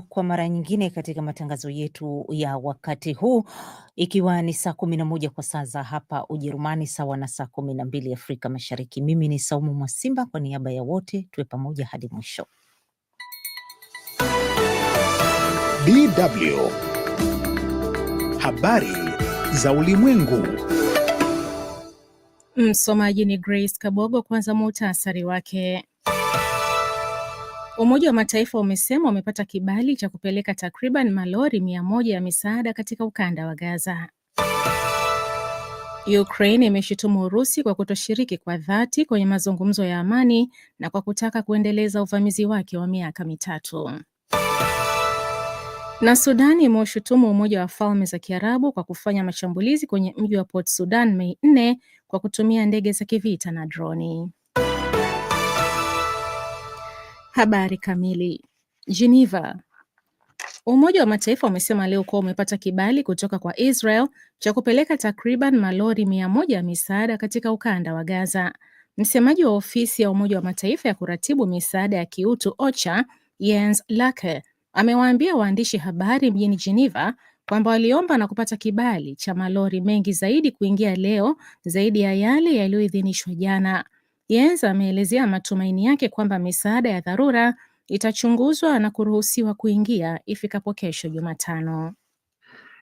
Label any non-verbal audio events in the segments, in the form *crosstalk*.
Kwa mara nyingine katika matangazo yetu ya wakati huu ikiwa ni saa kumi na moja kwa saa za hapa Ujerumani sawa na saa kumi na mbili Afrika Mashariki. Mimi ni Saumu Mwasimba, kwa niaba ya wote tuwe pamoja hadi mwisho. DW Habari za Ulimwengu. Msomaji ni Grace Kabogo. Kwanza muhtasari wake. Umoja wa Mataifa umesema umepata kibali cha kupeleka takriban malori mia moja ya misaada katika ukanda wa Gaza. Ukraine imeshutumu Urusi kwa kutoshiriki kwa dhati kwenye mazungumzo ya amani na kwa kutaka kuendeleza uvamizi wake wa miaka mitatu. Na Sudan imeushutumu Umoja wa Falme za Kiarabu kwa kufanya mashambulizi kwenye mji wa Port Sudan Mei nne kwa kutumia ndege za kivita na droni. Habari kamili. Geneva. Umoja wa Mataifa umesema leo kuwa umepata kibali kutoka kwa Israel cha kupeleka takriban malori mia moja ya misaada katika ukanda wa Gaza. Msemaji wa ofisi ya Umoja wa Mataifa ya kuratibu misaada ya kiutu OCHA, Jens Lake, amewaambia waandishi habari mjini Geneva kwamba waliomba na kupata kibali cha malori mengi zaidi kuingia leo zaidi ya yale yaliyoidhinishwa jana. Yens ameelezea matumaini yake kwamba misaada ya dharura itachunguzwa na kuruhusiwa kuingia ifikapo kesho Jumatano.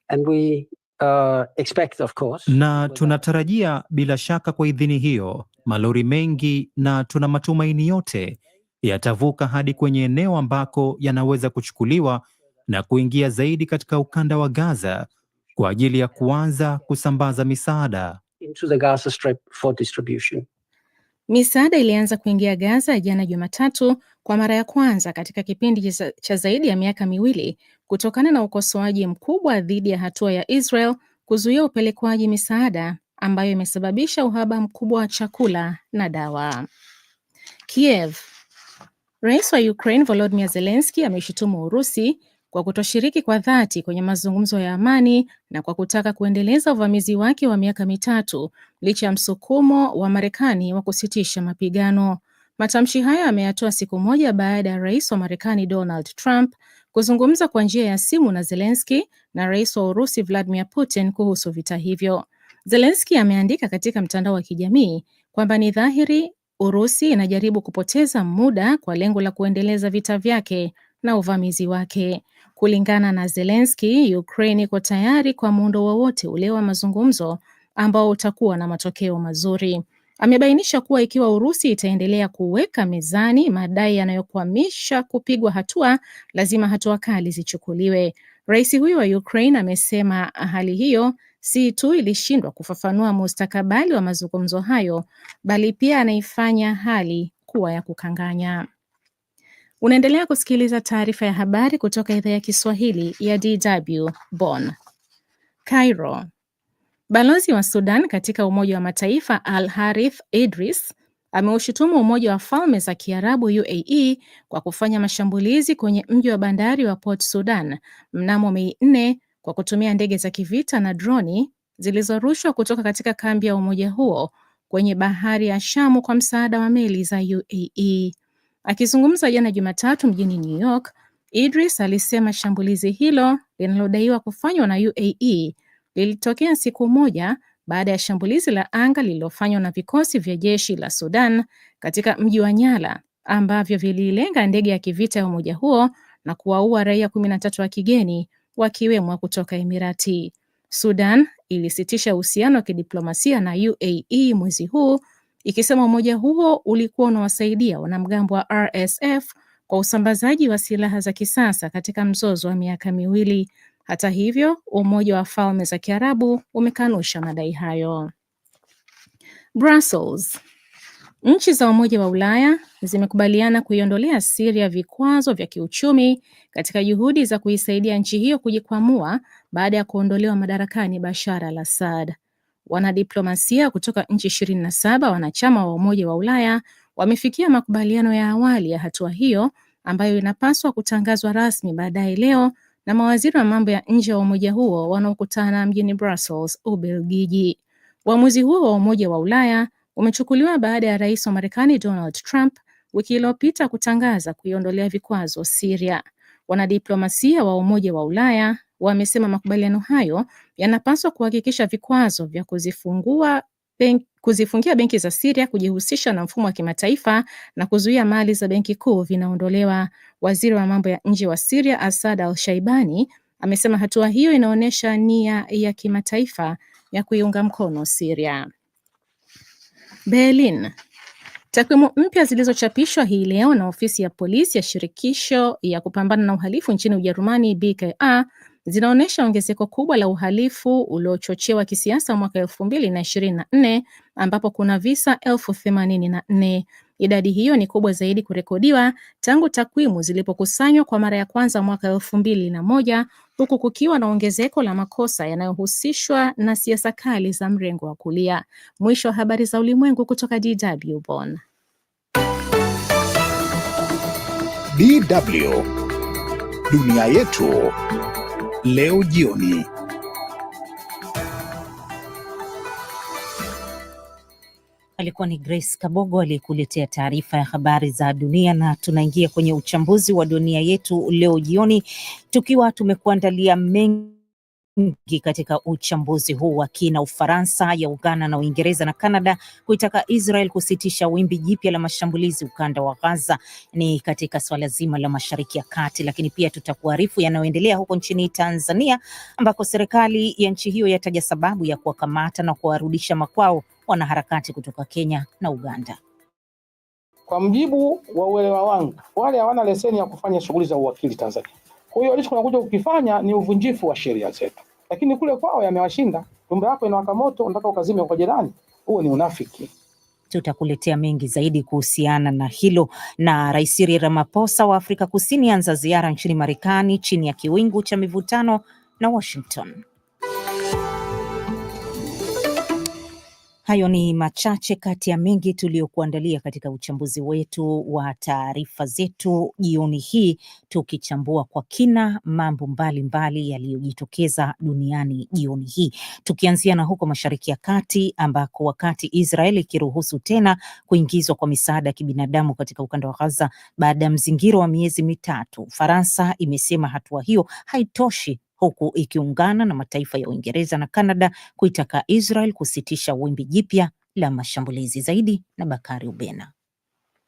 And we, uh, expect of course, na tunatarajia bila shaka kwa idhini hiyo malori mengi na tuna matumaini yote yatavuka hadi kwenye eneo ambako yanaweza kuchukuliwa na kuingia zaidi katika ukanda wa Gaza kwa ajili ya kuanza kusambaza misaada. Into the Gaza Strip for distribution. Misaada ilianza kuingia Gaza jana Jumatatu kwa mara ya kwanza katika kipindi cha zaidi ya miaka miwili kutokana na ukosoaji mkubwa dhidi ya hatua ya Israel kuzuia upelekwaji misaada ambayo imesababisha uhaba mkubwa wa chakula na dawa. Kiev. Rais wa Ukraine Volodymyr Zelensky ameshutumu Urusi kwa kutoshiriki kwa dhati kwenye mazungumzo ya amani na kwa kutaka kuendeleza uvamizi wake wa miaka mitatu licha ya msukumo wa Marekani wa kusitisha mapigano. Matamshi hayo ameyatoa siku moja baada ya rais wa Marekani Donald Trump kuzungumza kwa njia ya simu na Zelensky na rais wa Urusi Vladimir Putin kuhusu vita hivyo. Zelensky ameandika katika mtandao wa kijamii kwamba ni dhahiri Urusi inajaribu kupoteza muda kwa lengo la kuendeleza vita vyake na uvamizi wake. Kulingana na zelenski Ukraine iko tayari kwa muundo wowote ule wa mazungumzo ambao utakuwa na matokeo mazuri. Amebainisha kuwa ikiwa Urusi itaendelea kuweka mezani madai yanayokwamisha kupigwa hatua, lazima hatua kali zichukuliwe. Rais huyo wa Ukraine amesema hali hiyo si tu ilishindwa kufafanua mustakabali wa mazungumzo hayo, bali pia anaifanya hali kuwa ya kukanganya. Unaendelea kusikiliza taarifa ya habari kutoka idhaa ya Kiswahili ya DW Bonn. Cairo. Balozi wa Sudan katika Umoja wa Mataifa Al Harith Idris ameushutumu Umoja wa Falme za Kiarabu UAE kwa kufanya mashambulizi kwenye mji wa bandari wa Port Sudan mnamo Mei 4 kwa kutumia ndege za kivita na droni zilizorushwa kutoka katika kambi ya umoja huo kwenye bahari ya Shamu kwa msaada wa meli za UAE. Akizungumza jana Jumatatu mjini New York, Idris alisema shambulizi hilo linalodaiwa kufanywa na UAE lilitokea siku moja baada ya shambulizi la anga lililofanywa na vikosi vya jeshi la Sudan katika mji wa Nyala ambavyo vililenga ndege ya kivita ya umoja huo na kuwaua raia kumi na tatu wa kigeni wakiwemo kutoka Emirati. Sudan ilisitisha uhusiano wa kidiplomasia na UAE mwezi huu ikisema umoja huo ulikuwa unawasaidia wanamgambo wa RSF kwa usambazaji wa silaha za kisasa katika mzozo wa miaka miwili. Hata hivyo, Umoja wa Falme za Kiarabu umekanusha madai hayo. Brussels. Nchi za Umoja wa Ulaya zimekubaliana kuiondolea Siria vikwazo vya kiuchumi katika juhudi za kuisaidia nchi hiyo kujikwamua baada ya kuondolewa madarakani Bashar al-Assad. Wanadiplomasia kutoka nchi ishirini na saba wanachama wa Umoja wa Ulaya wamefikia makubaliano ya awali ya hatua hiyo ambayo inapaswa kutangazwa rasmi baadaye leo na mawaziri wa mambo ya nje wa umoja huo wanaokutana mjini Brussels, Ubelgiji. Uamuzi huo wa Umoja wa Ulaya umechukuliwa baada ya rais wa Marekani Donald Trump wiki iliyopita kutangaza kuiondolea vikwazo siria Wanadiplomasia wa Umoja wa Ulaya wamesema makubaliano hayo yanapaswa kuhakikisha vikwazo vya kuzifungua ben, kuzifungia benki za siria kujihusisha na mfumo wa kimataifa na kuzuia mali za benki kuu vinaondolewa. Waziri wa mambo ya nje wa siria Asad al-Shaibani amesema hatua hiyo inaonyesha nia ya kimataifa ya kuiunga mkono Siria. Berlin. Takwimu mpya zilizochapishwa hii leo na ofisi ya polisi ya shirikisho ya kupambana na uhalifu nchini Ujerumani BKA zinaonyesha ongezeko kubwa la uhalifu uliochochewa kisiasa mwaka elfu mbili na ishirini na nne ambapo kuna visa elfu themanini na nne. Idadi hiyo ni kubwa zaidi kurekodiwa tangu takwimu zilipokusanywa kwa mara ya kwanza mwaka elfu mbili na moja huku kukiwa na ongezeko la makosa yanayohusishwa na siasa kali za mrengo wa kulia. Mwisho wa habari za ulimwengu kutoka DW Bonn. DW Dunia Yetu leo jioni. Alikuwa ni Grace Kabogo aliyekuletea taarifa ya habari za dunia, na tunaingia kwenye uchambuzi wa dunia yetu leo jioni, tukiwa tumekuandalia mengi nyingi katika uchambuzi huu wa kina. Ufaransa ya Uganda na Uingereza na canada kuitaka Israel kusitisha wimbi jipya la mashambulizi ukanda wa Gaza ni katika swala zima la Mashariki ya Kati, lakini pia tutakuarifu yanayoendelea huko nchini Tanzania ambako serikali ya nchi hiyo yataja sababu ya kuwakamata na kuwarudisha makwao wanaharakati kutoka Kenya na Uganda. Kwa mjibu wa uelewa wangu, wale hawana leseni ya kufanya shughuli za uwakili Tanzania. Kwa hiyo kunakuja kukifanya ni uvunjifu wa sheria zetu lakini kule kwao yamewashinda. Nyumba yako inawaka moto, unataka ukazime kwa jirani, huo ni unafiki. Tutakuletea mengi zaidi kuhusiana na hilo. Na Rais Cyril Ramaphosa wa Afrika Kusini anza ziara nchini Marekani chini ya kiwingu cha mivutano na Washington. Hayo ni machache kati ya mengi tuliyokuandalia katika uchambuzi wetu wa taarifa zetu jioni hii, tukichambua kwa kina mambo mbalimbali yaliyojitokeza duniani jioni hii, tukianzia na huko Mashariki ya Kati ambako wakati Israel ikiruhusu tena kuingizwa kwa misaada ya kibinadamu katika ukanda wa Gaza baada ya mzingiro wa miezi mitatu, Faransa imesema hatua hiyo haitoshi huku ikiungana na mataifa ya Uingereza na Kanada kuitaka Israel kusitisha wimbi jipya la mashambulizi. Zaidi na Bakari Ubena.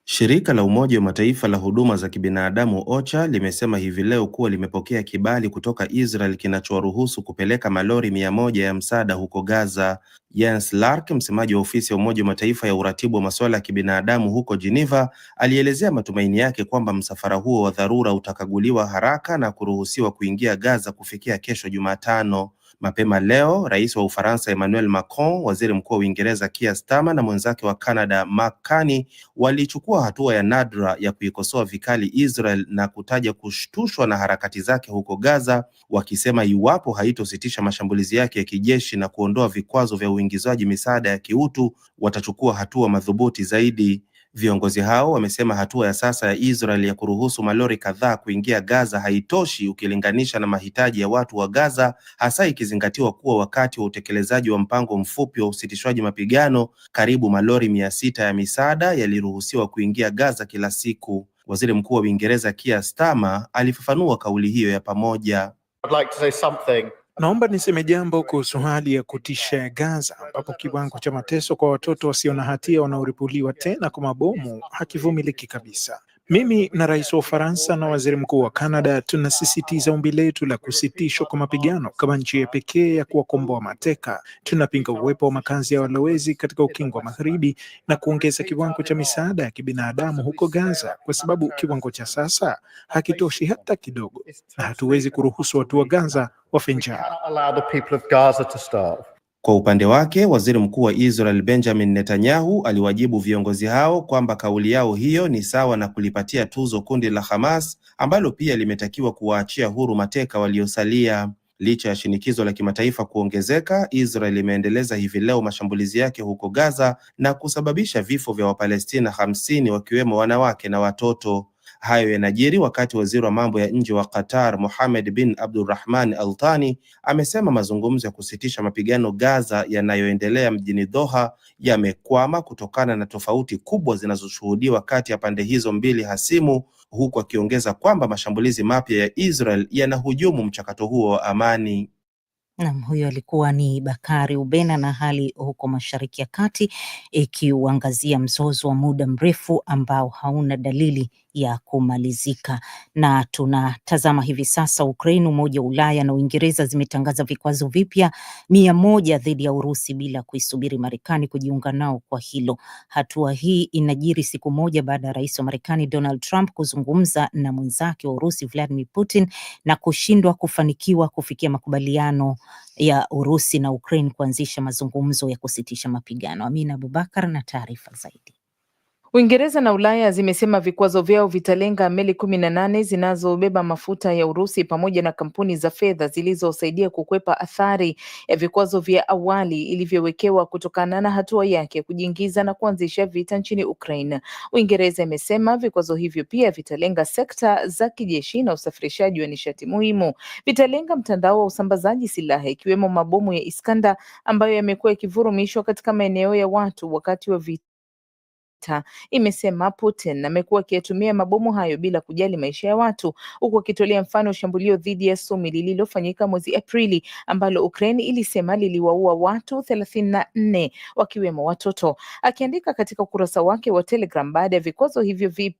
Shirika la Umoja wa Mataifa la huduma za kibinadamu OCHA limesema hivi leo kuwa limepokea kibali kutoka Israel kinachowaruhusu kupeleka malori mia moja ya msaada huko Gaza. Jens Lark, msemaji wa ofisi ya Umoja wa Mataifa ya uratibu wa masuala ya kibinadamu huko Geneva, alielezea matumaini yake kwamba msafara huo wa dharura utakaguliwa haraka na kuruhusiwa kuingia Gaza kufikia kesho Jumatano. Mapema leo rais wa Ufaransa Emmanuel Macron, waziri mkuu wa Uingereza Keir Starmer na mwenzake wa Canada Mark Carney walichukua hatua ya nadra ya kuikosoa vikali Israel na kutaja kushtushwa na harakati zake huko Gaza, wakisema iwapo haitositisha mashambulizi yake ya kijeshi na kuondoa vikwazo vya uingizaji misaada ya kiutu watachukua hatua madhubuti zaidi Viongozi hao wamesema hatua ya sasa ya Israel ya kuruhusu malori kadhaa kuingia Gaza haitoshi ukilinganisha na mahitaji ya watu wa Gaza, hasa ikizingatiwa kuwa wakati wa utekelezaji wa mpango mfupi wa usitishwaji mapigano, karibu malori mia sita ya misaada yaliruhusiwa kuingia Gaza kila siku. Waziri Mkuu wa Uingereza Keir Starmer alifafanua kauli hiyo ya pamoja. I'd like to say something. Naomba niseme jambo kuhusu hali ya kutisha ya Gaza ambapo kiwango cha mateso kwa watoto wasio na hatia wanaoripuliwa tena kwa mabomu hakivumiliki kabisa. Mimi na rais wa Ufaransa na waziri mkuu wa canada tunasisitiza ombi letu la kusitishwa kwa mapigano kama njia pekee ya kuwakomboa mateka. Tunapinga uwepo wa makazi ya walowezi katika ukingo wa Magharibi na kuongeza kiwango cha misaada ya kibinadamu huko Gaza, kwa sababu kiwango cha sasa hakitoshi hata kidogo, na hatuwezi kuruhusu watu wa Gaza wafe njaa. Kwa upande wake, Waziri Mkuu wa Israel Benjamin Netanyahu aliwajibu viongozi hao kwamba kauli yao hiyo ni sawa na kulipatia tuzo kundi la Hamas ambalo pia limetakiwa kuwaachia huru mateka waliosalia. Licha ya shinikizo la kimataifa kuongezeka, Israel imeendeleza hivi leo mashambulizi yake huko Gaza na kusababisha vifo vya Wapalestina hamsini wakiwemo wanawake na watoto. Hayo yanajiri wakati waziri wa mambo ya nje wa Qatar Mohamed bin Abdulrahman Al Thani amesema mazungumzo ya kusitisha mapigano Gaza yanayoendelea mjini Doha yamekwama kutokana na tofauti kubwa zinazoshuhudiwa kati ya pande hizo mbili hasimu, huku akiongeza kwamba mashambulizi mapya ya Israel yanahujumu mchakato huo wa amani. Nam, huyo alikuwa ni Bakari Ubena na hali huko Mashariki ya Kati ikiuangazia mzozo wa muda mrefu ambao hauna dalili ya kumalizika. Na tunatazama hivi sasa, Ukraine, Umoja wa Ulaya na Uingereza zimetangaza vikwazo vipya mia moja dhidi ya Urusi bila kuisubiri Marekani kujiunga nao kwa hilo. Hatua hii inajiri siku moja baada ya rais wa Marekani Donald Trump kuzungumza na mwenzake wa Urusi Vladimir Putin na kushindwa kufanikiwa kufikia makubaliano ya Urusi na Ukraine kuanzisha mazungumzo ya kusitisha mapigano. Amina Abubakar na taarifa zaidi. Uingereza na Ulaya zimesema vikwazo vyao vitalenga meli kumi na nane zinazobeba mafuta ya Urusi pamoja na kampuni za fedha zilizosaidia kukwepa athari ya vikwazo vya awali ilivyowekewa kutokana na hatua yake kujiingiza na kuanzisha vita nchini Ukraine. Uingereza imesema vikwazo hivyo pia vitalenga sekta za kijeshi na usafirishaji wa nishati muhimu. Vitalenga mtandao wa usambazaji silaha ikiwemo mabomu ya Iskanda ambayo yamekuwa yakivurumishwa katika maeneo ya watu wakati wa vita vita, imesema Putin amekuwa akiyatumia mabomu hayo bila kujali maisha ya watu, huku akitolea mfano shambulio dhidi ya Sumi lililofanyika mwezi Aprili ambalo Ukraine ilisema liliwaua watu thelathini na nne wakiwemo watoto. Akiandika katika ukurasa wake wa Telegram baada ya vikwazo hivyo vipi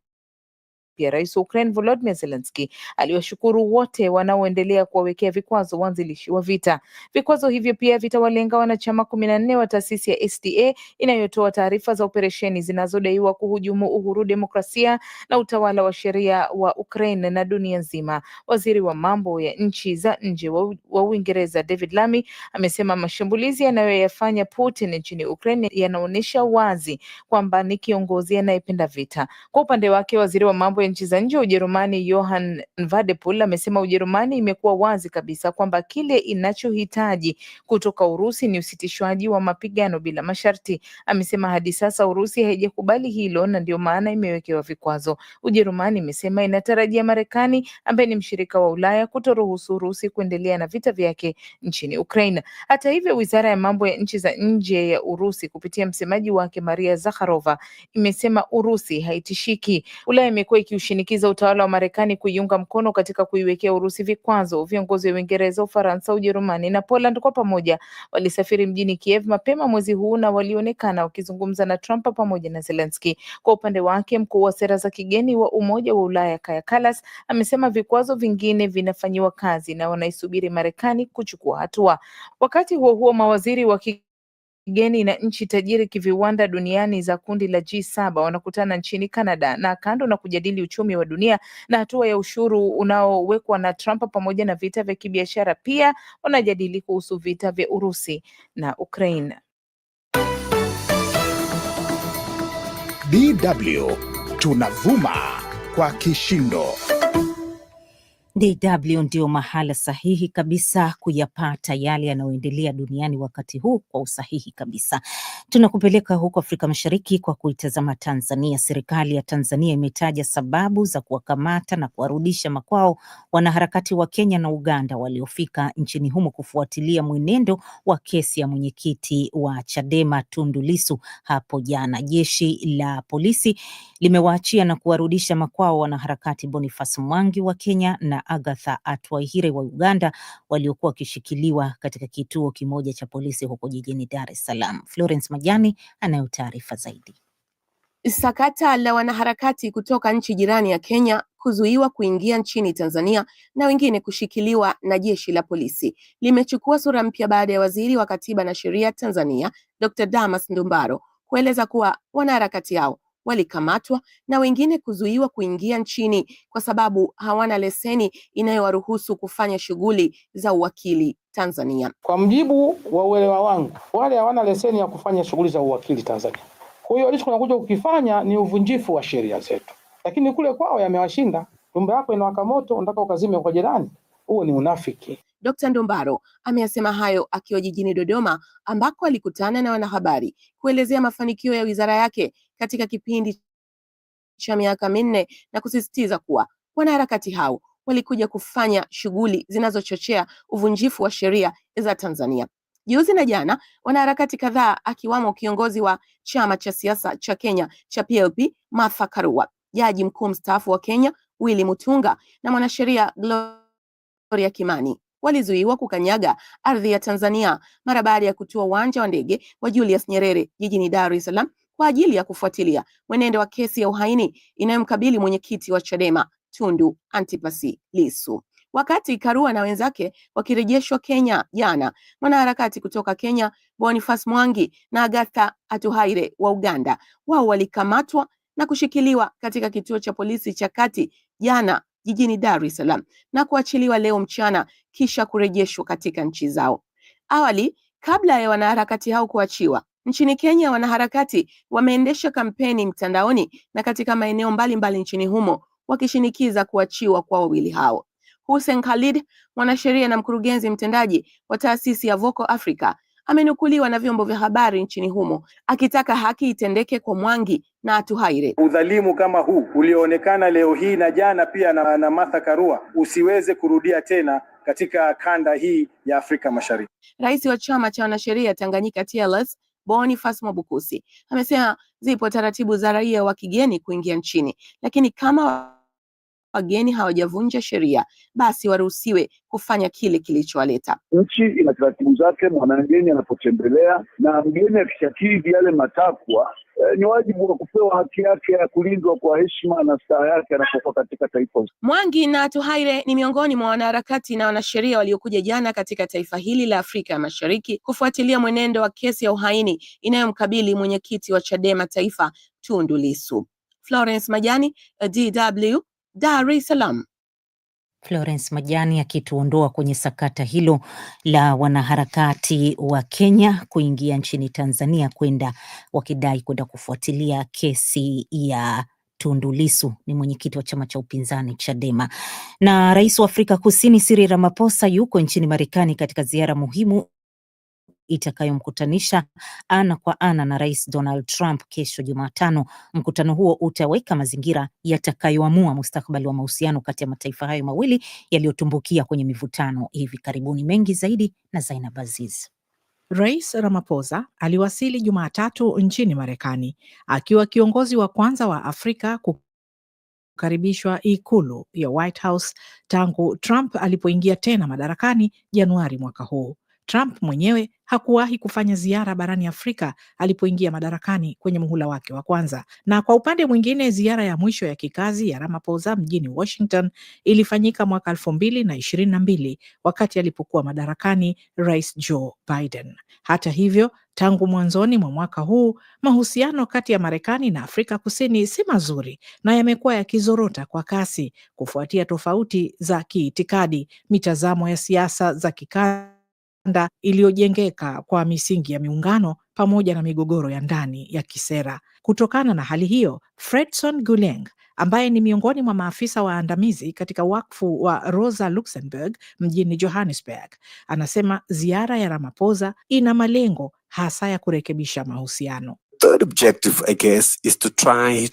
pia rais wa Ukraine Volodymyr Zelensky aliwashukuru wote wanaoendelea kuwawekea vikwazo waanzilishi wa vita. Vikwazo hivyo pia vitawalenga wanachama kumi na nne wa taasisi ya SDA inayotoa taarifa za operesheni zinazodaiwa kuhujumu uhuru, demokrasia na utawala wa sheria wa Ukraine na dunia nzima. Waziri wa mambo ya nchi za nje wa Uingereza David Lammy amesema mashambulizi yanayoyafanya Putin nchini Ukraine yanaonyesha wazi kwamba ni kiongozi anayependa vita. Kwa upande wake, waziri wa mambo ya nchi za nje wa Ujerumani Johan Wadephul amesema Ujerumani imekuwa wazi kabisa kwamba kile inachohitaji kutoka Urusi ni usitishwaji wa mapigano bila masharti. Amesema hadi sasa Urusi haijakubali hilo na ndio maana imewekewa vikwazo. Ujerumani imesema inatarajia Marekani ambaye ni mshirika wa Ulaya kutoruhusu Urusi kuendelea na vita vyake nchini Ukraina. Hata hivyo, wizara ya mambo ya nchi za nje ya Urusi kupitia msemaji wake Maria Zakharova imesema Urusi haitishiki. Ulaya imekuwa wakiushinikiza utawala wa Marekani kuiunga mkono katika kuiwekea Urusi vikwazo. Viongozi wa Uingereza, Ufaransa, Ujerumani na Poland kwa pamoja walisafiri mjini Kiev mapema mwezi huu na walionekana wakizungumza na Trump pamoja na Zelensky. Kwa upande wake, mkuu wa sera za kigeni wa Umoja wa Ulaya Kaya Kallas amesema vikwazo vingine vinafanyiwa kazi na wanaisubiri Marekani kuchukua hatua. Wakati huo huo, mawaziri wa kigeni na nchi tajiri kiviwanda duniani za kundi la G7 wanakutana nchini Canada na kando na kujadili uchumi wa dunia na hatua ya ushuru unaowekwa na Trump pamoja na vita vya kibiashara, pia wanajadili kuhusu vita vya Urusi na Ukraine. DW tunavuma kwa kishindo. DW ndio mahala sahihi kabisa kuyapata yale yanayoendelea duniani wakati huu kwa usahihi kabisa. Tunakupeleka huko Afrika Mashariki kwa kuitazama Tanzania. Serikali ya Tanzania imetaja sababu za kuwakamata na kuwarudisha makwao wanaharakati wa Kenya na Uganda waliofika nchini humo kufuatilia mwenendo wa kesi ya mwenyekiti wa Chadema Tundu Lissu hapo jana. Jeshi la polisi limewaachia na kuwarudisha makwao wanaharakati Boniface Mwangi wa Kenya na Agatha atwahire wa Uganda waliokuwa wakishikiliwa katika kituo kimoja cha polisi huko jijini Dar es Salaam. Florence Majani anayo taarifa zaidi. Sakata la wanaharakati kutoka nchi jirani ya Kenya kuzuiwa kuingia nchini Tanzania na wengine kushikiliwa na jeshi la polisi limechukua sura mpya baada ya waziri wa katiba na sheria Tanzania Dr. Damas Ndumbaro kueleza kuwa wanaharakati hao walikamatwa na wengine kuzuiwa kuingia nchini kwa sababu hawana leseni inayowaruhusu kufanya shughuli za uwakili Tanzania. Kwa mjibu wa uelewa wangu, wale hawana leseni ya kufanya shughuli za uwakili Tanzania. Kwa hiyo kunakuja kukifanya ni uvunjifu wa sheria zetu, lakini kule kwao yamewashinda. Nyumba yako inawaka moto, unataka ukazime kwa jirani? Huo ni unafiki. Dkt. Ndumbaro ameyasema hayo akiwa jijini Dodoma ambako alikutana na wanahabari kuelezea mafanikio ya wizara yake katika kipindi cha miaka minne na kusisitiza kuwa wanaharakati hao walikuja kufanya shughuli zinazochochea uvunjifu wa sheria za Tanzania. Juzi na jana wanaharakati kadhaa akiwamo kiongozi wa chama cha siasa cha Kenya cha PLP Martha Karua, jaji mkuu mstaafu wa Kenya Willy Mutunga na mwanasheria Gloria Kimani walizuiwa kukanyaga ardhi ya Tanzania mara baada ya kutua uwanja wa ndege wa Julius Nyerere jijini Dar es Salaam kwa ajili ya kufuatilia mwenendo wa kesi ya uhaini inayomkabili mwenyekiti wa Chadema Tundu Antipasi Lissu. Wakati Karua na wenzake wakirejeshwa Kenya jana, mwanaharakati kutoka Kenya Boniface Mwangi na Agatha Atuhaire wa Uganda, wao walikamatwa na kushikiliwa katika kituo cha polisi cha Kati jana jijini Dar es Salaam na kuachiliwa leo mchana kisha kurejeshwa katika nchi zao. Awali, kabla ya wanaharakati hao kuachiwa, Nchini Kenya, wanaharakati wameendesha kampeni mtandaoni na katika maeneo mbalimbali nchini humo wakishinikiza kuachiwa kwa wawili hao. Hussein Khalid, mwanasheria na mkurugenzi mtendaji wa taasisi ya Voco Africa, amenukuliwa na vyombo vya habari nchini humo akitaka haki itendeke kwa Mwangi na Atuhaire. Udhalimu kama huu ulioonekana leo hii na jana pia na, na Martha Karua usiweze kurudia tena katika kanda hii ya Afrika Mashariki. Rais wa chama cha wanasheria Tanganyika TLS Boniface Mwabukusi amesema zipo taratibu za raia wa kigeni kuingia nchini, lakini kama wageni hawajavunja sheria, basi waruhusiwe kufanya kile kilichowaleta. Nchi ina taratibu zake, mwanamgeni anapotembelea, na mgeni akishakidhi yale matakwa E, ni wajibu wa kupewa haki yake ya kulindwa kwa heshima na staha yake anapokuwa katika taifa. Mwangi na Tuhaire ni miongoni mwa wanaharakati na wanasheria waliokuja jana katika taifa hili la Afrika ya Mashariki kufuatilia mwenendo wa kesi ya uhaini inayomkabili mwenyekiti wa Chadema Taifa Tundu Lissu. Florence Majani, DW Dar es Salaam. Florence Majani akituondoa kwenye sakata hilo la wanaharakati wa Kenya kuingia nchini Tanzania kwenda wakidai kwenda kufuatilia kesi ya Tundu Lissu ni mwenyekiti wa chama cha upinzani Chadema. Na rais wa Afrika Kusini Cyril Ramaphosa yuko nchini Marekani katika ziara muhimu itakayomkutanisha ana kwa ana na Rais Donald Trump kesho Jumatano. Mkutano huo utaweka mazingira yatakayoamua mustakabali wa mahusiano kati ya mataifa hayo mawili yaliyotumbukia kwenye mivutano hivi karibuni. Mengi zaidi na Zainab Aziz. Rais Ramaphosa aliwasili Jumatatu nchini Marekani akiwa kiongozi wa kwanza wa Afrika kukaribishwa ikulu ya White House tangu Trump alipoingia tena madarakani Januari mwaka huu. Trump mwenyewe hakuwahi kufanya ziara barani Afrika alipoingia madarakani kwenye muhula wake wa kwanza. Na kwa upande mwingine, ziara ya mwisho ya kikazi ya Ramaphosa mjini Washington ilifanyika mwaka elfu mbili na ishirini na mbili wakati alipokuwa madarakani Rais Joe Biden. Hata hivyo, tangu mwanzoni mwa mwaka huu mahusiano kati ya Marekani na Afrika Kusini si mazuri na yamekuwa yakizorota kwa kasi kufuatia tofauti za kiitikadi, mitazamo ya siasa za kikazi kikanda iliyojengeka kwa misingi ya miungano pamoja na migogoro ya ndani ya kisera. Kutokana na hali hiyo, Fredson Guleng ambaye ni miongoni mwa maafisa waandamizi katika wakfu wa Rosa Luxemburg mjini Johannesburg, anasema ziara ya Ramaphosa ina malengo hasa ya kurekebisha mahusiano. Third objective, I guess, is to try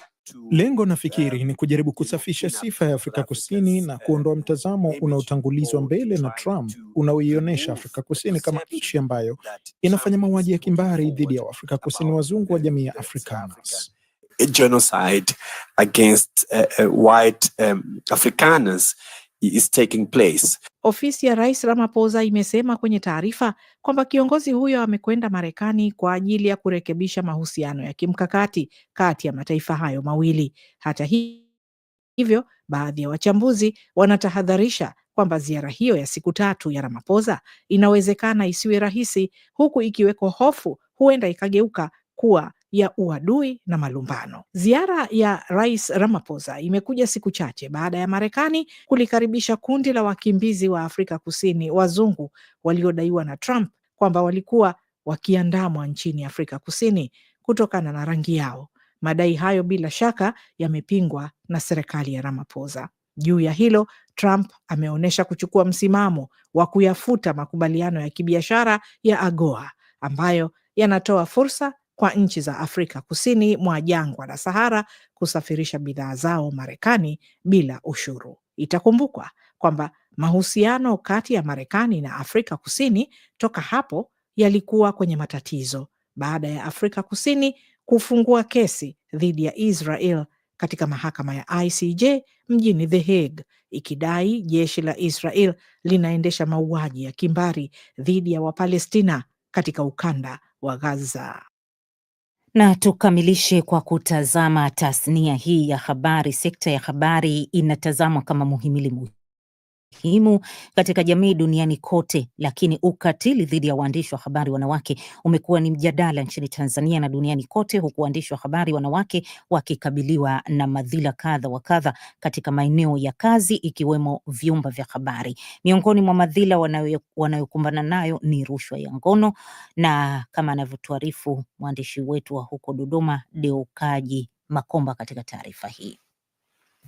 Lengo nafikiri ni kujaribu kusafisha sifa ya Afrika Kusini na kuondoa eh, mtazamo unaotangulizwa mbele na Trump unaoionyesha Afrika Kusini kama nchi ambayo inafanya mauaji ya kimbari dhidi ya Waafrika Kusini wazungu wa jamii ya Afrikaners. Eh, genocide against uh, uh, white um, Afrikaners is taking place. Ofisi ya Rais Ramaphosa imesema kwenye taarifa kwamba kiongozi huyo amekwenda Marekani kwa ajili ya kurekebisha mahusiano ya kimkakati kati ya mataifa hayo mawili. Hata hivyo, baadhi ya wachambuzi wanatahadharisha kwamba ziara hiyo ya siku tatu ya Ramaphosa inawezekana isiwe rahisi, huku ikiweko hofu huenda ikageuka kuwa ya uadui na malumbano. Ziara ya Rais Ramaphosa imekuja siku chache baada ya Marekani kulikaribisha kundi la wakimbizi wa Afrika Kusini wazungu waliodaiwa na Trump kwamba walikuwa wakiandamwa nchini Afrika Kusini kutokana na rangi yao. Madai hayo bila shaka yamepingwa na serikali ya Ramaphosa. Juu ya hilo, Trump ameonyesha kuchukua msimamo wa kuyafuta makubaliano ya kibiashara ya AGOA ambayo yanatoa fursa kwa nchi za Afrika kusini mwa jangwa la Sahara kusafirisha bidhaa zao Marekani bila ushuru. Itakumbukwa kwamba mahusiano kati ya Marekani na Afrika Kusini toka hapo yalikuwa kwenye matatizo baada ya Afrika Kusini kufungua kesi dhidi ya Israel katika mahakama ya ICJ mjini The Hague ikidai jeshi la Israel linaendesha mauaji ya kimbari dhidi ya Wapalestina katika ukanda wa Gaza. Na tukamilishe kwa kutazama tasnia hii ya habari. Sekta ya habari inatazamwa kama muhimili muhimu muhimu katika jamii duniani kote, lakini ukatili dhidi ya waandishi wa habari wanawake umekuwa ni mjadala nchini Tanzania na duniani kote, huku waandishi wa habari wanawake wakikabiliwa na madhila kadha wa kadha katika maeneo ya kazi, ikiwemo vyumba vya habari. Miongoni mwa madhila wanayokumbana nayo ni rushwa ya ngono, na kama anavyotuarifu mwandishi wetu wa huko Dodoma, Deukaji Makomba, katika taarifa hii.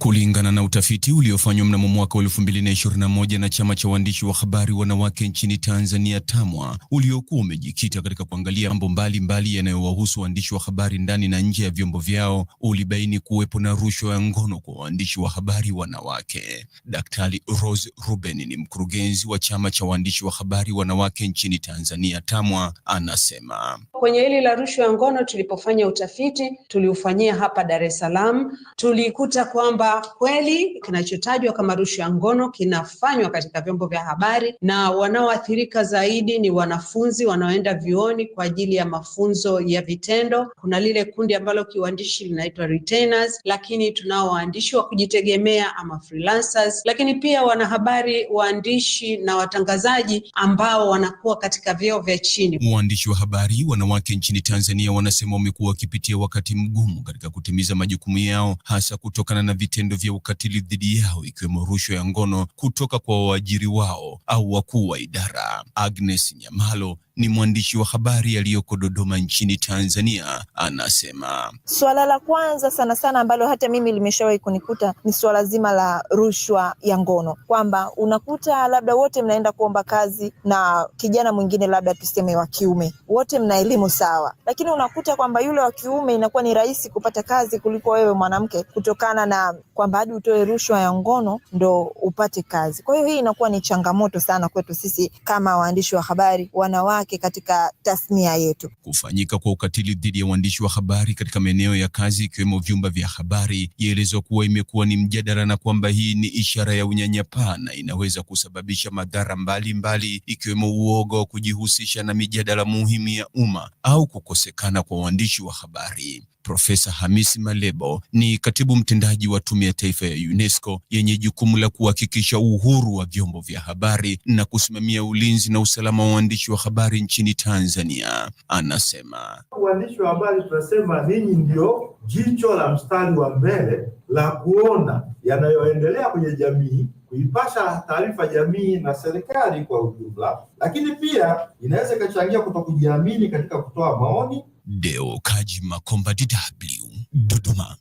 Kulingana na utafiti uliofanywa mnamo mwaka 2021 na chama cha waandishi wa habari wanawake nchini Tanzania TAMWA, uliokuwa umejikita katika kuangalia mambo mbalimbali yanayowahusu waandishi wa habari ndani na nje ya vyombo vyao, ulibaini kuwepo na rushwa ya ngono kwa waandishi wa habari wanawake. Daktari Rose Ruben ni mkurugenzi wa chama cha waandishi wa habari wanawake nchini Tanzania TAMWA, anasema kwenye hili la rushwa ya ngono tulipofanya utafiti tuliufanyia hapa Dar es Salaam, tulikuta kwamba kweli kinachotajwa kama rushwa ya ngono kinafanywa katika vyombo vya habari, na wanaoathirika zaidi ni wanafunzi wanaoenda vioni kwa ajili ya mafunzo ya vitendo. Kuna lile kundi ambalo kiuandishi linaitwa retainers, lakini tunao waandishi wa kujitegemea ama freelancers, lakini pia wanahabari, waandishi na watangazaji ambao wanakuwa katika vyeo vya chini. Waandishi wa habari wanawake nchini Tanzania wanasema wamekuwa wakipitia wakati mgumu katika kutimiza majukumu yao hasa kutokana na vitendo vitendo vya ukatili dhidi yao ikiwemo rushwa ya ngono kutoka kwa waajiri wao au wakuu wa idara. Agnes Nyamalo ni mwandishi wa habari aliyoko Dodoma nchini Tanzania, anasema swala la kwanza sana sana ambalo hata mimi limeshawahi kunikuta ni swala zima la rushwa ya ngono, kwamba unakuta labda wote mnaenda kuomba kazi na kijana mwingine labda tuseme wa kiume, wote mna elimu sawa, lakini unakuta kwamba yule wa kiume inakuwa ni rahisi kupata kazi kuliko wewe mwanamke, kutokana na kwamba hadi utoe rushwa ya ngono ndo upate kazi. Kwa hiyo hii inakuwa ni changamoto sana kwetu sisi kama waandishi wa habari wanawake wake katika tasnia yetu. Kufanyika kwa ukatili dhidi ya waandishi wa habari katika maeneo ya kazi ikiwemo vyumba vya habari yaelezwa kuwa imekuwa ni mjadala na kwamba hii ni ishara ya unyanyapaa na inaweza kusababisha madhara mbalimbali ikiwemo uoga wa kujihusisha na mijadala muhimu ya umma au kukosekana kwa waandishi wa habari. Profesa Hamisi Malebo ni katibu mtendaji wa Tume ya Taifa ya UNESCO yenye jukumu la kuhakikisha uhuru wa vyombo vya habari na kusimamia ulinzi na usalama wa waandishi wa habari nchini Tanzania. Anasema waandishi wa habari, tunasema ninyi ndio jicho la mstari wa mbele la kuona yanayoendelea kwenye jamii, kuipasha taarifa jamii na serikali kwa ujumla, lakini pia inaweza ikachangia kuto kujiamini katika kutoa maoni Deo Kaji Makomba, DW Dodoma.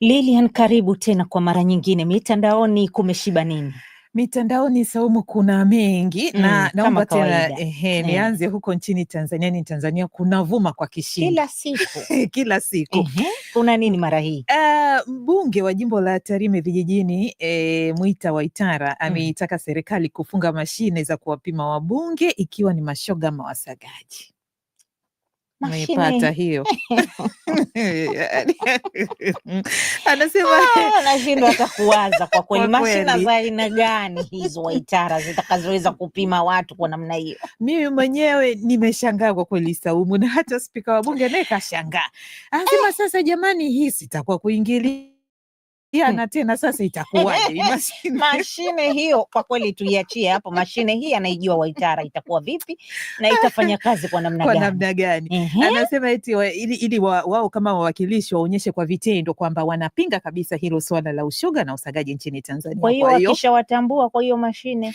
Lilian, karibu tena kwa mara nyingine. Mitandaoni kumeshiba nini? Mitandaoni Saumu, kuna mengi mm, na naomba tena ehe, mm. nianze huko nchini Tanzania. Ni Tanzania kunavuma kwa kishindo kila siku *laughs* kila siku Kuna nini mara hii? Eh, mbunge wa jimbo la Tarime vijijini e, Mwita Waitara mm. ameitaka mm, serikali kufunga mashine za kuwapima wabunge ikiwa ni mashoga mawasagaji Umeipata hiyo *laughs* yaani, anasema anashindwa ah, hata kuwaza kwa kweli, *laughs* mashina za aina gani hizo waitara zitakazoweza kupima watu kwa namna hiyo? Mimi mwenyewe nimeshangaa kwa kweli, Saumu, na hata spika wa bunge naye kashangaa, anasema eh, sasa jamani, hii sitakuwa kuingilia Hmm. na tena sasa itakuwaje? *laughs* mashine hiyo kwa kweli tuiachie hapo. Mashine hii anaijua Waitara itakuwa vipi na itafanya kazi kwa namna gani, kwa namna gani? Mhm. Anasema eti wa, ili, ili wa, wao kama wawakilishi waonyeshe kwa vitendo kwamba wanapinga kabisa hilo swala la ushoga na usagaji nchini Tanzania. Kwa hiyo wakishawatambua, kwa hiyo mashine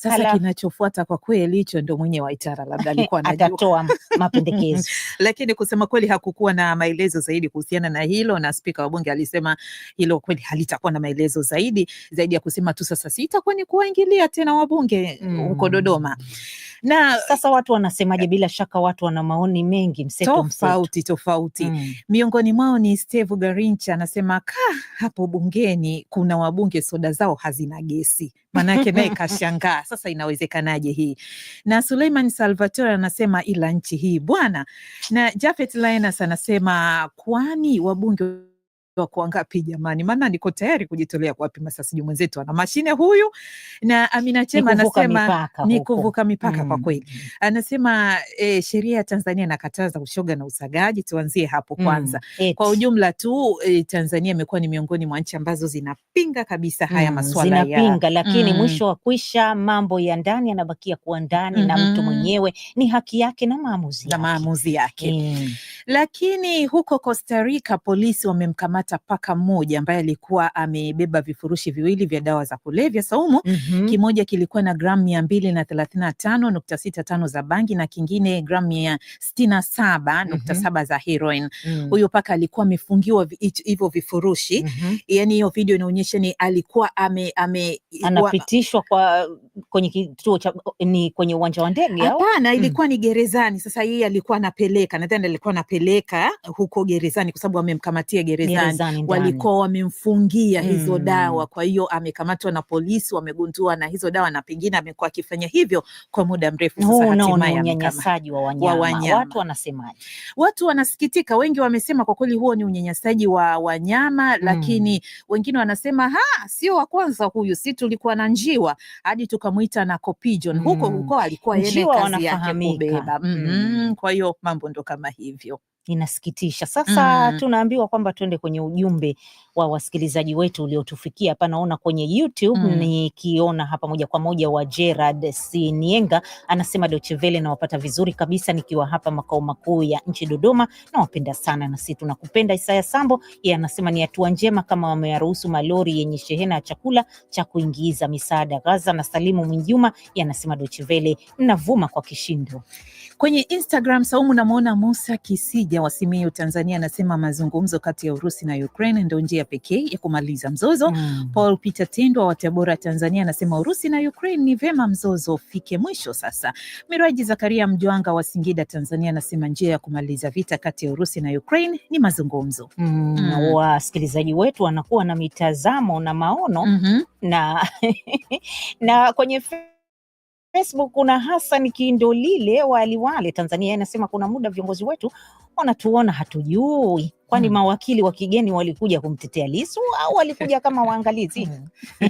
sasa Hala. Kinachofuata kwa kweli hicho ndo mwenye wa itara labda *laughs* alikuwa atatoa mapendekezo *laughs* lakini kusema kweli hakukuwa na maelezo zaidi kuhusiana na hilo, na spika wa bunge alisema hilo kweli halitakuwa na maelezo zaidi zaidi ya kusema tu sasa sitakuwa ni kuwaingilia tena wabunge mm. huko mm. Dodoma na sasa watu wanasemaje? Bila shaka watu wana maoni mengi mseto tofauti tofauti mm. Miongoni mwao ni Steve Garincha anasema ka hapo bungeni kuna wabunge soda zao hazina gesi, maanake naye *laughs* kashangaa sasa inawezekanaje hii. Na Suleiman Salvatore anasema ila nchi hii bwana. Na Jafet Lainas anasema kwani wabunge wako wangapi jamani? Maana niko tayari kujitolea kuwapima. Sasa sijui mwenzetu ana mashine huyu. Na Amina Chema anasema ni kuvuka mipaka mm. Kwa kweli anasema e, sheria ya Tanzania inakataza ushoga na usagaji. Tuanzie hapo mm, kwanza mm. Kwa ujumla tu e, Tanzania imekuwa ni miongoni mwa nchi ambazo zinapinga kabisa haya mm. ya zinapinga lakini mm. mwisho wa kwisha mambo ya ndani yanabakia kuwa ndani mm -hmm. na mtu mm-hmm. mwenyewe ni haki yake na maamuzi yake, na maamuzi yake. Mm. Lakini huko Costa Rica polisi wamemkamata paka mmoja ambaye alikuwa amebeba vifurushi viwili vya dawa za kulevya saumu. mm -hmm. Kimoja kilikuwa na gramu mia mbili na thelathini na tano nukta sita tano za bangi na kingine gramu mia sitini na saba mhm. nukta saba za heroin. Mm. Huyo paka alikuwa amefungiwa hivyo vifurushi. mm -hmm. Yani hiyo video inaonyesha ni alikuwa ame, ame, anapitishwa kwa kwenye kituo cha ni kwenye uwanja wa ndege? Hapana, hmm. ilikuwa mm. ni gerezani. Sasa yeye alikuwa anapeleka, nadhani alikuwa anapeleka huko gerezani kwa sababu wamemkamatia gerezani, gerezani walikuwa wamemfungia hizo mm. dawa. Kwa hiyo amekamatwa na polisi, wamegundua na hizo dawa, na pengine amekuwa akifanya hivyo kwa muda mrefu sasa, hatimaye unyanyasaji wa wanyama. Wa wanyama. Watu wanasemaje? Watu wanasikitika, wengi wamesema kwa kweli huo ni unyanyasaji wa wanyama mm. lakini hmm. wengine wanasema ha, sio wa kwanza huyu, si tulikuwa na njiwa hadi tuka wakamwita na Kopijon mm. huko huko alikuwa yeye kazi yake kubeba. Mm-hmm. Mm -hmm. Kwa hiyo mambo ndo kama hivyo inasikitisha. Sasa mm. tunaambiwa kwamba tuende kwenye ujumbe wa wasikilizaji wetu uliotufikia hapa. Naona kwenye YouTube mm. nikiona hapa moja kwa moja wa Gerard Sinienga anasema, Deutsche Welle nawapata vizuri kabisa nikiwa hapa makao makuu ya nchi Dodoma, nawapenda sana na sisi tunakupenda. Isaya Sambo yeye anasema ni hatua njema kama wameyaruhusu malori yenye shehena ya chakula cha kuingiza misaada Gaza, na Salimu Mwinjuma yeye anasema Deutsche Welle mnavuma kwa kishindo. Kwenye Instagram, Saumu namwona Musa Kisija wa Simiyu, Tanzania, anasema mazungumzo kati ya Urusi na Ukraine ndio njia pekee ya kumaliza mzozo. Mm. Paul Peter tendwa wa Tabora, Tanzania, anasema Urusi na Ukraine ni vema mzozo ufike mwisho sasa. Miraji Zakaria Mjwanga wa Singida, Tanzania, anasema njia ya kumaliza vita kati ya Urusi na Ukraine ni mazungumzo. Mm. Mm. Wasikilizaji wetu wanakuwa na mitazamo na maono mm -hmm. na *laughs* na kwenye Facebook kuna Hassan Kindolile waliwale Tanzania, anasema kuna muda viongozi wetu wanatuona hatujui, kwani mm. mawakili wa kigeni walikuja kumtetea Lisu au walikuja kama waangalizi? *laughs*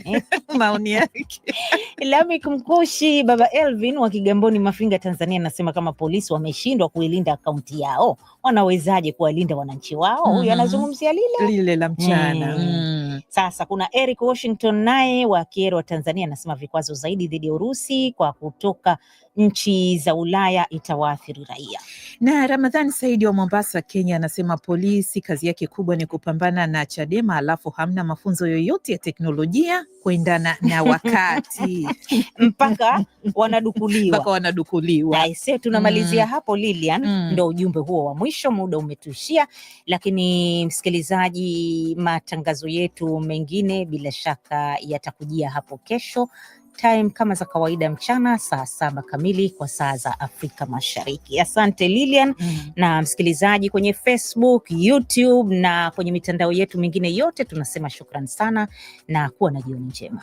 Mm. *laughs* maoni yake. *laughs* Lamik Mkushi, baba Elvin wa Kigamboni, Mafinga, Tanzania, anasema kama polisi wameshindwa kuilinda akaunti yao, wanawezaje kuwalinda wananchi wao? Huyu mm -hmm. anazungumzia lile lile la mchana mm. Mm. Sasa kuna Eric Washington naye wa Kiero wa Tanzania anasema vikwazo zaidi dhidi ya Urusi kwa kutoka nchi za Ulaya itawaathiri raia. Na Ramadhani Saidi wa Mombasa, Kenya anasema polisi kazi yake kubwa ni kupambana na Chadema, alafu hamna mafunzo yoyote ya teknolojia kuendana na *laughs* wakati mpaka wanadukuliwa, mpaka wanadukuliwa. Aise, tunamalizia mm. hapo Lilian mm. ndo ujumbe huo wa mwisho, muda umetuishia, lakini msikilizaji, matangazo yetu mengine bila shaka yatakujia hapo kesho time kama za kawaida mchana saa saba kamili kwa saa za Afrika Mashariki. Asante Lilian mm. Na msikilizaji kwenye Facebook, YouTube na kwenye mitandao yetu mingine yote tunasema shukran sana na kuwa na jioni njema.